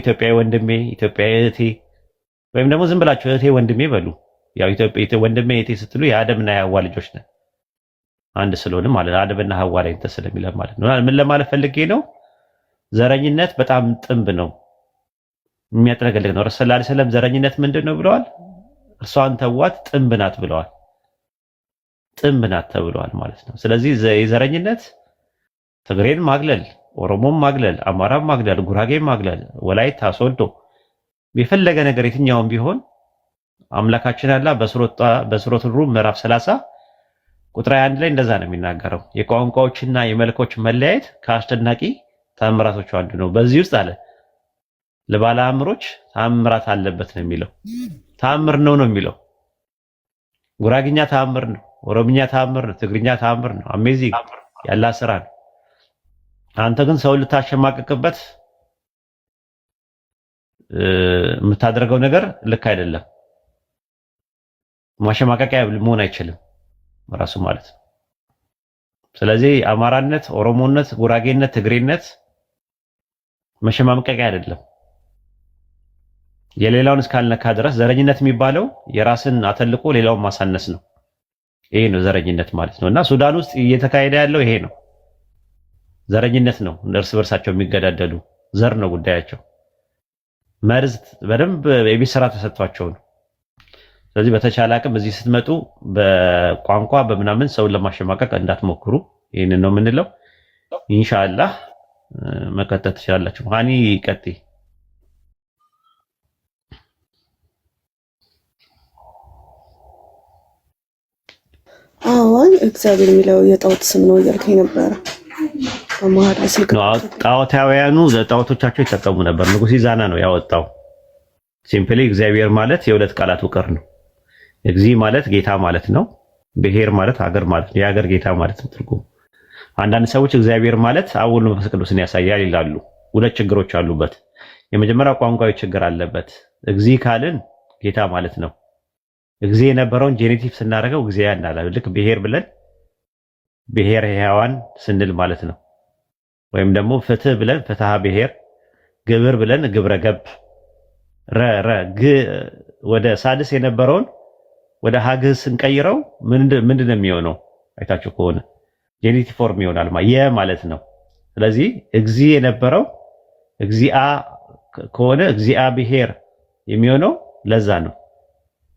ኢትዮጵያዊ ወንድሜ፣ ኢትዮጵያዊ እህቴ ወይም ደግሞ ዝም ብላችሁ እህቴ ወንድሜ በሉ። ያው ኢትዮጵያ ወንድሜ እህቴ ስትሉ የአደምና የሀዋ ልጆች ነን አንድ ስለሆነ ማለት አደምና ሐዋ ላይ እንትን ስለሚለን ማለት ነው። ምን ለማለት ፈልጌ ነው? ዘረኝነት በጣም ጥንብ ነው፣ የሚያጥለቀልቅ ነው። ረሱል ሰለላሁ ዘረኝነት ምንድን ነው ብለዋል? እርሷን ተዋት ጥንብ ናት ብለዋል። ጥንብ ናት ተብለዋል ማለት ነው። ስለዚህ የዘረኝነት ትግሬን ማግለል ኦሮሞም ማግለል፣ አማራም ማግለል፣ ጉራጌም ማግለል፣ ወላይታ ሶዶ የፈለገ ነገር የትኛውም ቢሆን አምላካችን አላ በሱረቱል ሩም ምዕራፍ 30 ቁጥር 1 ላይ እንደዛ ነው የሚናገረው። የቋንቋዎችና የመልኮች መለያየት ከአስደናቂ ታምራቶቹ አንዱ ነው። በዚህ ውስጥ አለ ለባለ አእምሮች ታምራት አለበት ነው የሚለው። ታምር ነው ነው የሚለው። ጉራግኛ ታምር ነው፣ ኦሮምኛ ታምር ነው፣ ትግርኛ ታምር ነው። አሜዚንግ ያላ ስራ ነው። አንተ ግን ሰው ልታሸማቅቅበት የምታደርገው ነገር ልክ አይደለም። ማሸማቀቂያ መሆን አይችልም ራሱ ማለት ነው። ስለዚህ አማራነት፣ ኦሮሞነት፣ ጉራጌነት፣ ትግሬነት መሸማቀቂያ አይደለም። የሌላውን እስካልነካ ድረስ ዘረኝነት የሚባለው የራስን አተልቆ ሌላውን ማሳነስ ነው። ይሄ ነው ዘረኝነት ማለት ነው። እና ሱዳን ውስጥ እየተካሄደ ያለው ይሄ ነው። ዘረኝነት ነው። እርስ በርሳቸው የሚገዳደሉ ዘር ነው ጉዳያቸው። መርዝ በደንብ የቤት ስራ ተሰጥቷቸው ነው። ስለዚህ በተቻለ አቅም እዚህ ስትመጡ በቋንቋ በምናምን ሰውን ለማሸማቀቅ እንዳትሞክሩ። ይህንን ነው የምንለው። ኢንሻላህ መቀጠል ትችላላችሁ። ሀኒ ቀጤ አዎን፣ እግዚአብሔር የሚለው የጣውት ስም ነው እያልከኝ ነበረ። ጣዖታውያኑ ለጣዖቶቻቸው ይጠቀሙ ነበር። ንጉሥ ዛና ነው ያወጣው። ሲምፕሊ እግዚአብሔር ማለት የሁለት ቃላት ውቅር ነው። እግዚ ማለት ጌታ ማለት ነው። ብሔር ማለት ሀገር ማለት ነው። የሀገር ጌታ ማለት ነው ትርጉሙ። አንዳንድ ሰዎች እግዚአብሔር ማለት አቡል መንፈስ ቅዱስን ያሳያል ይላሉ። ሁለት ችግሮች አሉበት። የመጀመሪያው ቋንቋዊ ችግር አለበት። እግዚ ካልን ጌታ ማለት ነው። እግዚ የነበረውን ጄኔቲቭ ስናደርገው እግዚያ እናላለን። ልክ ብሔር ብለን ብሔር ሕያዋን ስንል ማለት ነው። ወይም ደግሞ ፍትህ ብለን ፍትሐ ብሔር፣ ግብር ብለን ግብረ ገብ ረረ ወደ ሳድስ የነበረውን ወደ ሀግህ ስንቀይረው ምንድን ነው የሚሆነው? አይታችሁ ከሆነ ጄኒቲቭ ፎርም ይሆናል የ ማለት ነው። ስለዚህ እግዚ የነበረው እግዚአ ከሆነ እግዚአብሔር የሚሆነው ለዛ ነው።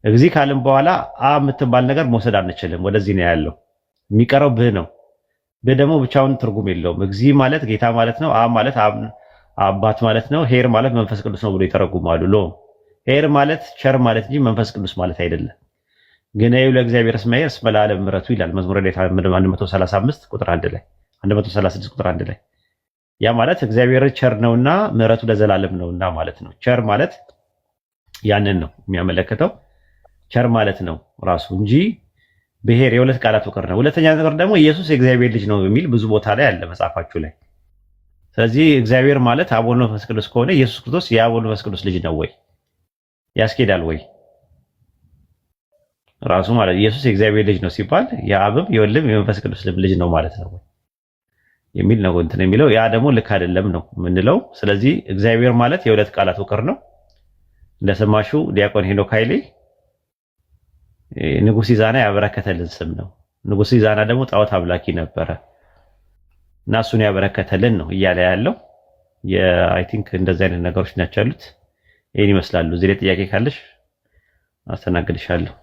እግዚ ካልን በኋላ አ የምትባል ነገር መውሰድ አንችልም። ወደዚህ ነው ያለው። የሚቀረው ብህ ነው። ግን ደግሞ ብቻውን ትርጉም የለውም። እግዚ ማለት ጌታ ማለት ነው። አብ ማለት አባት ማለት ነው። ሄር ማለት መንፈስ ቅዱስ ነው ብሎ ይተረጉማሉ። ሎ ሄር ማለት ቸር ማለት እንጂ መንፈስ ቅዱስ ማለት አይደለም። ግን ይሁ ለእግዚአብሔር ስመ ሄር እስመ ለዓለም ምሕረቱ ይላል መዝሙረ ዳዊት 135 ቁጥር 1 ላይ 136 ቁጥር 1 ላይ ያ ማለት እግዚአብሔር ቸር ነውና ምሕረቱ ለዘላለም ነውና ማለት ነው። ቸር ማለት ያንን ነው የሚያመለክተው ቸር ማለት ነው ራሱ እንጂ ብሔር የሁለት ቃላት ውቅር ነው። ሁለተኛ ነገር ደግሞ ኢየሱስ የእግዚአብሔር ልጅ ነው የሚል ብዙ ቦታ ላይ አለ መጽሐፋችሁ ላይ። ስለዚህ እግዚአብሔር ማለት አብ ወልድ መንፈስ ቅዱስ ከሆነ ኢየሱስ ክርስቶስ የአብ ወልድ መንፈስ ቅዱስ ልጅ ነው ወይ? ያስኬዳል ወይ? ራሱ ማለት ኢየሱስ የእግዚአብሔር ልጅ ነው ሲባል የአብም የወልድም የመንፈስ ቅዱስ ልጅ ነው ማለት ነው የሚል ነው እንትን የሚለው ያ ደግሞ ልክ አይደለም ነው የምንለው። ስለዚህ እግዚአብሔር ማለት የሁለት ቃላት ውቅር ነው። እንደሰማሹ ዲያቆን ሄኖክ ኃይሌ ንጉሥ ይዛና ያበረከተልን ስም ነው። ንጉሥ ይዛና ደግሞ ጣዖት አምላኪ ነበረ እና እሱን ያበረከተልን ነው እያለ ያለው አይ ቲንክ እንደዚህ አይነት ነገሮች ናቸው ያሉት። ይህን ይመስላሉ። እዚህ ላይ ጥያቄ ካለሽ አስተናግድሻለሁ።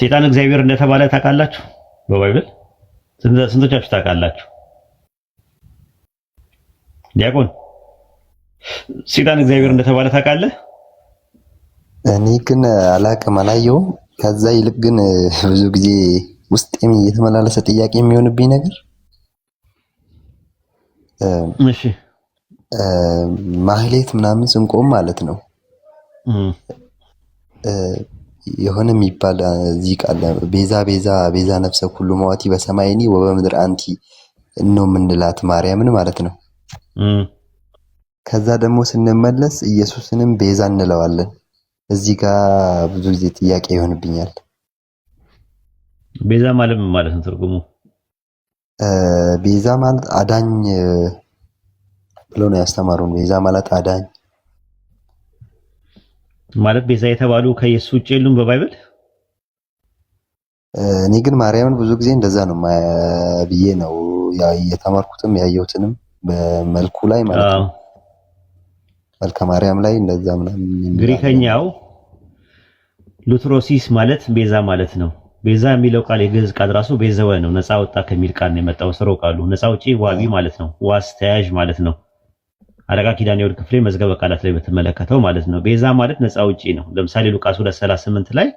ሴጣን እግዚአብሔር እንደተባለ ታውቃላችሁ? በባይብል ስንቶቻችሁ ታውቃላችሁ? ዲያቆን ሴጣን እግዚአብሔር እንደተባለ ታውቃለህ? እኔ ግን አላቅም፣ አላየውም። ከዛ ይልቅ ግን ብዙ ጊዜ ውስጥ የተመላለሰ ጥያቄ የሚሆንብኝ ነገር እሺ፣ ማህሌት ምናምን ስንቆም ማለት ነው የሆነ የሚባል እዚህ አለ። ቤዛ ቤዛ ቤዛ ነፍሰ ሁሉ መዋቲ በሰማይኒ ወበምድር አንቲ ነው የምንላት ማርያምን ማለት ነው። ከዛ ደግሞ ስንመለስ ኢየሱስንም ቤዛ እንለዋለን። እዚህ ጋር ብዙ ጊዜ ጥያቄ ይሆንብኛል። ቤዛ ማለት ምን ማለት ነው? ትርጉሙ ቤዛ ማለት አዳኝ ብሎ ነው ያስተማሩን። ቤዛ ማለት አዳኝ ማለት ቤዛ የተባሉ ከኢየሱስ ውጭ የሉም በባይብል። እኔ ግን ማርያምን ብዙ ጊዜ እንደዛ ነው ብዬ ነው የተማርኩትም ያየሁትንም በመልኩ ላይ ማለት ነው መልከ ማርያም ላይ እንደዛ ምናምን። ግሪከኛው ሉትሮሲስ ማለት ቤዛ ማለት ነው። ቤዛ የሚለው ቃል የግዕዝ ቃል ራሱ ቤዘወ ነው፣ ነፃ ወጣ ከሚል ቃል ነው የመጣው። ስሮ ቃሉ ነፃ ውጪ ዋቢ ማለት ነው፣ ዋስ ተያዥ ማለት ነው። አለቃ ኪዳነ ወልድ ክፍሌ መዝገበ ቃላት ላይ በተመለከተው ማለት ነው። ቤዛ ማለት ነፃ ውጪ ነው። ለምሳሌ ሉቃስ 2:38 ላይ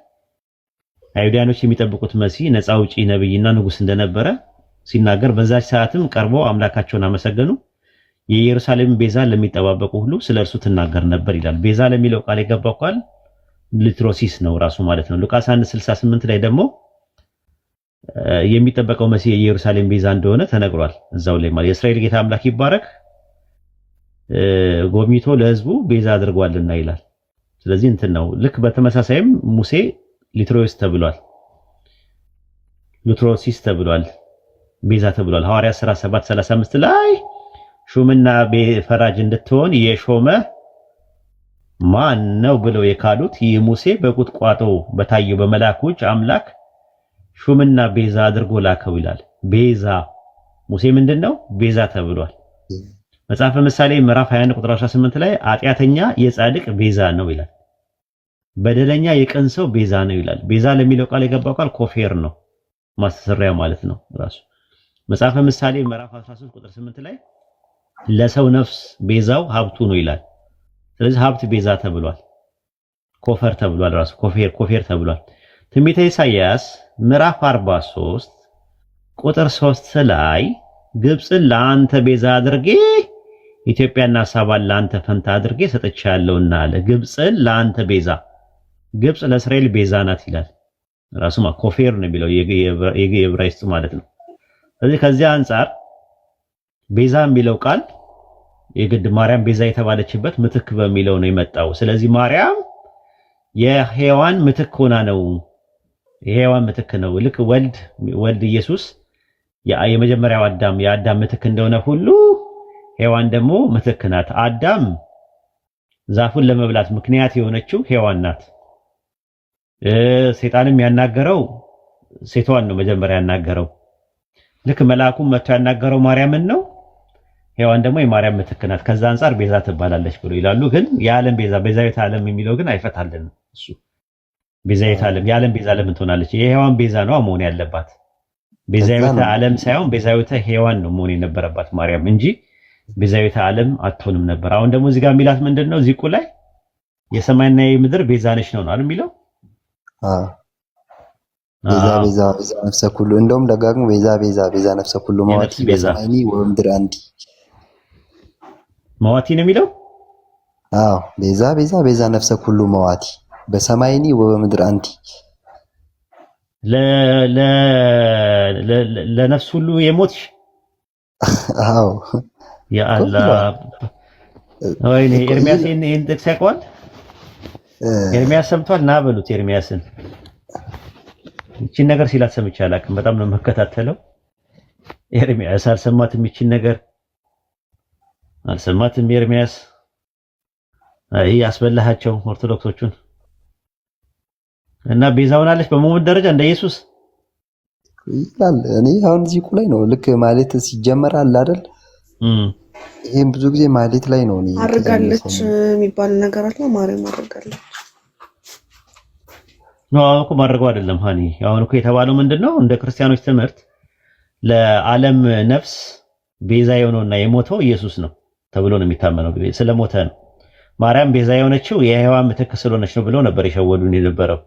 አይሁዳኖች የሚጠብቁት መሲህ ነፃ ውጪ ነብይና ንጉስ እንደነበረ ሲናገር በዛች ሰዓትም ቀርበው አምላካቸውን አመሰገኑ፣ የኢየሩሳሌም ቤዛ ለሚጠባበቁ ሁሉ ስለ እርሱ ትናገር ነበር ይላል። ቤዛ ለሚለው ቃል የገባው ቃል ሊትሮሲስ ነው ራሱ ማለት ነው። ሉቃስ 1:68 ላይ ደግሞ የሚጠበቀው መሲህ የኢየሩሳሌም ቤዛ እንደሆነ ተነግሯል። እዛው ላይ ማለት የእስራኤል ጌታ አምላክ ይባረክ ጎብኝቶ ለህዝቡ ቤዛ አድርጓልና ይላል። ስለዚህ እንትን ነው። ልክ በተመሳሳይም ሙሴ ሊትሮስ ተብሏል፣ ሊትሮሲስ ተብሏል፣ ቤዛ ተብሏል። ሐዋርያ 17 35 ላይ ሹምና ፈራጅ እንድትሆን የሾመ ማን ነው ብለው የካሉት ይህ ሙሴ በቁጥቋጦ በታየው በመላኮች አምላክ ሹምና ቤዛ አድርጎ ላከው ይላል። ቤዛ ሙሴ ምንድን ነው? ቤዛ ተብሏል። መጽሐፈ ምሳሌ ምዕራፍ 21 ቁጥር 18 ላይ ኃጢአተኛ የጻድቅ ቤዛ ነው ይላል። በደለኛ የቅን ሰው ቤዛ ነው ይላል። ቤዛ ለሚለው ቃል የገባው ቃል ኮፌር ነው፣ ማስተሰሪያ ማለት ነው ራሱ። መጽሐፈ ምሳሌ ምዕራፍ 13 ቁጥር 8 ላይ ለሰው ነፍስ ቤዛው ሀብቱ ነው ይላል። ስለዚህ ሀብት ቤዛ ተብሏል፣ ኮፈር ተብሏል፣ ራሱ ኮፌር ኮፌር ተብሏል። ትንቢተ ኢሳይያስ ምዕራፍ 43 ቁጥር 3 ላይ ግብፅን ለአንተ ቤዛ አድርጌ ኢትዮጵያና ሳባን ለአንተ ፈንታ አድርጌ ሰጥቻለሁና አለ። ግብፅን ለአንተ ቤዛ፣ ግብፅ ለእስራኤል ቤዛ ናት ይላል። ራሱማ ኮፌር ነው የሚለው የዕብራይስጡ ማለት ነው። ስለዚህ ከዚያ አንጻር ቤዛ የሚለው ቃል የግድ ማርያም ቤዛ የተባለችበት ምትክ በሚለው ነው የመጣው። ስለዚህ ማርያም የሔዋን ምትክ ሆና ነው የሔዋን ምትክ ነው። ልክ ወልድ ወልድ ኢየሱስ የመጀመሪያው አዳም የአዳም ምትክ እንደሆነ ሁሉ ሔዋን ደግሞ ምትክ ናት። አዳም ዛፉን ለመብላት ምክንያት የሆነችው ሔዋን ናት። ሴጣንም ያናገረው ሴቷን ነው መጀመሪያ ያናገረው። ልክ መልአኩም መጥቶ ያናገረው ማርያምን ነው። ሔዋን ደግሞ የማርያም ምትክ ናት፣ ከዛ አንጻር ቤዛ ትባላለች ብሎ ይላሉ። ግን የዓለም ቤዛ ቤዛዊት ዓለም የሚለው ግን አይፈታልን እሱ ቤዛዊት ዓለም የዓለም ቤዛ ለምን ትሆናለች? የሔዋን ቤዛ ነዋ መሆን ያለባት። ቤዛዊተ ዓለም ሳይሆን ቤዛዊተ ሔዋን ነው መሆን የነበረባት ማርያም እንጂ ቤዛዊተ ዓለም አትሆንም ነበር። አሁን ደግሞ እዚህ ጋር የሚላት ምንድን ነው? ዚቁ ላይ የሰማይና የምድር ቤዛ ነች ነው አይደል የሚለው? ቤዛ ቤዛ ቤዛ ነፍሰ ኩሉ እንደውም ደጋግሞ ቤዛ ቤዛ ቤዛ ነፍሰ ኩሉ ማዋቲ በሰማይኒ ወምድር አንዲ ማዋቲ ነው የሚለው። አዎ ቤዛ ቤዛ ቤዛ ነፍሰ ኩሉ ማዋቲ በሰማይኒ ወበምድር ለ ለነፍስ ሁሉ የሞትሽ አዎ የአላ ወይኔ ኤርሚያስ ይህን ጥቅስ ያውቀዋል። ኤርሚያስ ሰምቷል። ና በሉት ኤርሚያስን። ይችን ነገር ሲላት ሰምቼ አላውቅም። በጣም ነው የምከታተለው። ኤርሚያስ አልሰማትም። ይችን ነገር አልሰማትም። ኤርሚያስ ይህ አስበላሃቸው ኦርቶዶክሶቹን እና ቤዛውን አለች በሞት ደረጃ እንደ ኢየሱስ ይላል። እኔ አሁን እዚህ ላይ ነው ልክ ማለት ሲጀመር አለ አይደል ይህም ብዙ ጊዜ ማሌት ላይ ነው። አድርጋለች የሚባል ነገር አለ። ማርያም አድርጋለች። አሁን እኮ ማድረገው አይደለም ሀኒ። አሁን እኮ የተባለው ምንድን ነው? እንደ ክርስቲያኖች ትምህርት ለዓለም ነፍስ ቤዛ የሆነውና የሞተው ኢየሱስ ነው ተብሎ ነው የሚታመነው። ስለሞተ ነው። ማርያም ቤዛ የሆነችው የሔዋን ምትክ ስለሆነች ነው ብለው ነበር የሸወዱን የነበረው።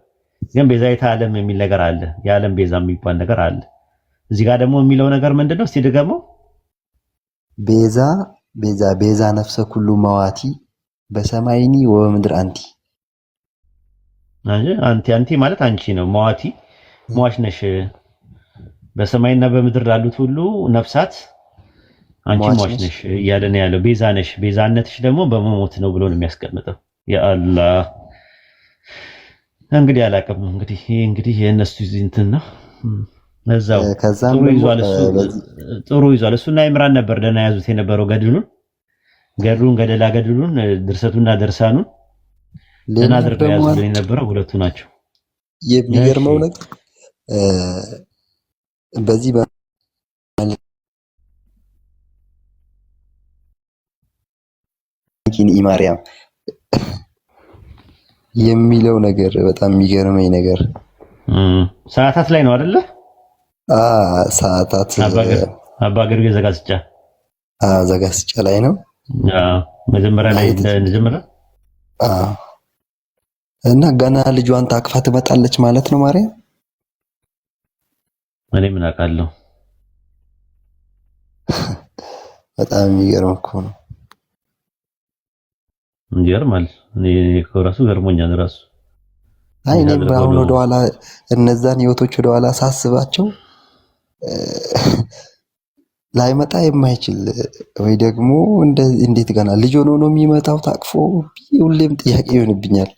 ግን ቤዛዊተ ዓለም የሚል ነገር አለ። የዓለም ቤዛ የሚባል ነገር አለ። እዚህ ጋር ደግሞ የሚለው ነገር ምንድን ነው? እስቲ ድገመው ቤዛ ቤዛ ቤዛ ነፍሰ ኩሉ መዋቲ በሰማይኒ ወበምድር አንቲ አንቲ አንቲ ማለት አንቺ ነው። መዋቲ መዋች ነሽ። በሰማይና በምድር ላሉት ሁሉ ነፍሳት አንቺ መዋች ነሽ እያለ ነው ያለው። ቤዛ ነሽ። ቤዛነትሽ ደግሞ በመሞት ነው ብሎ ነው የሚያስቀምጠው። የአላህ እንግዲህ አላቅም እንግዲህ ይህ እንግዲህ የእነሱ እንትን ነው። እዛው ጥሩ ይዟል። እሱና ይምራን ነበር ደህና ያዙት የነበረው ገድሉን ገድሉን ገደላ ገድሉን ድርሰቱና ደርሳኑን ደህና አድርገው ያዙት የነበረው ሁለቱ ናቸው። የሚገርመው ነገር በዚህ ኢማርያም የሚለው ነገር በጣም የሚገርመኝ ነገር ሰዓታት ላይ ነው አይደለ? ሰዓታት አባገር ዘጋስጫ ዘጋስጫ ላይ ነው መጀመሪያ ላይ መጀመሪያ እና ገና ልጇን ታቅፋ ትመጣለች ማለት ነው ማርያም። እኔ ምን አውቃለሁ? በጣም የሚገርም እኮ ነው። እንዲገርማል ራሱ ገርሞኛል ራሱ። አይ እኔ አሁን ወደኋላ እነዛን ህይወቶች ወደኋላ ሳስባቸው ላይመጣ የማይችል ወይ ደግሞ እንዴት ገና ልጅ ሆኖ ነው የሚመጣው ታቅፎ ሁሌም ጥያቄ ይሆንብኛል።